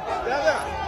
不要这样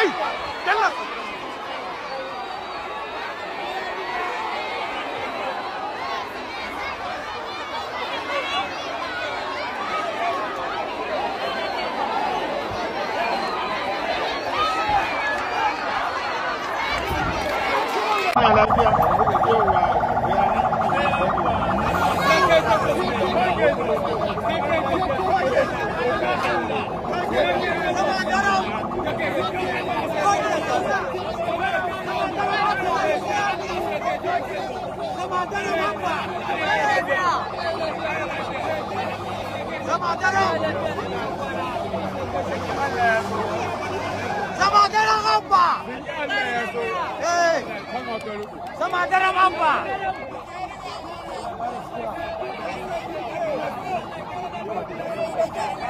Ê, tránh là nhà làm việc với điều là Thank you. Zama daren abba! Zama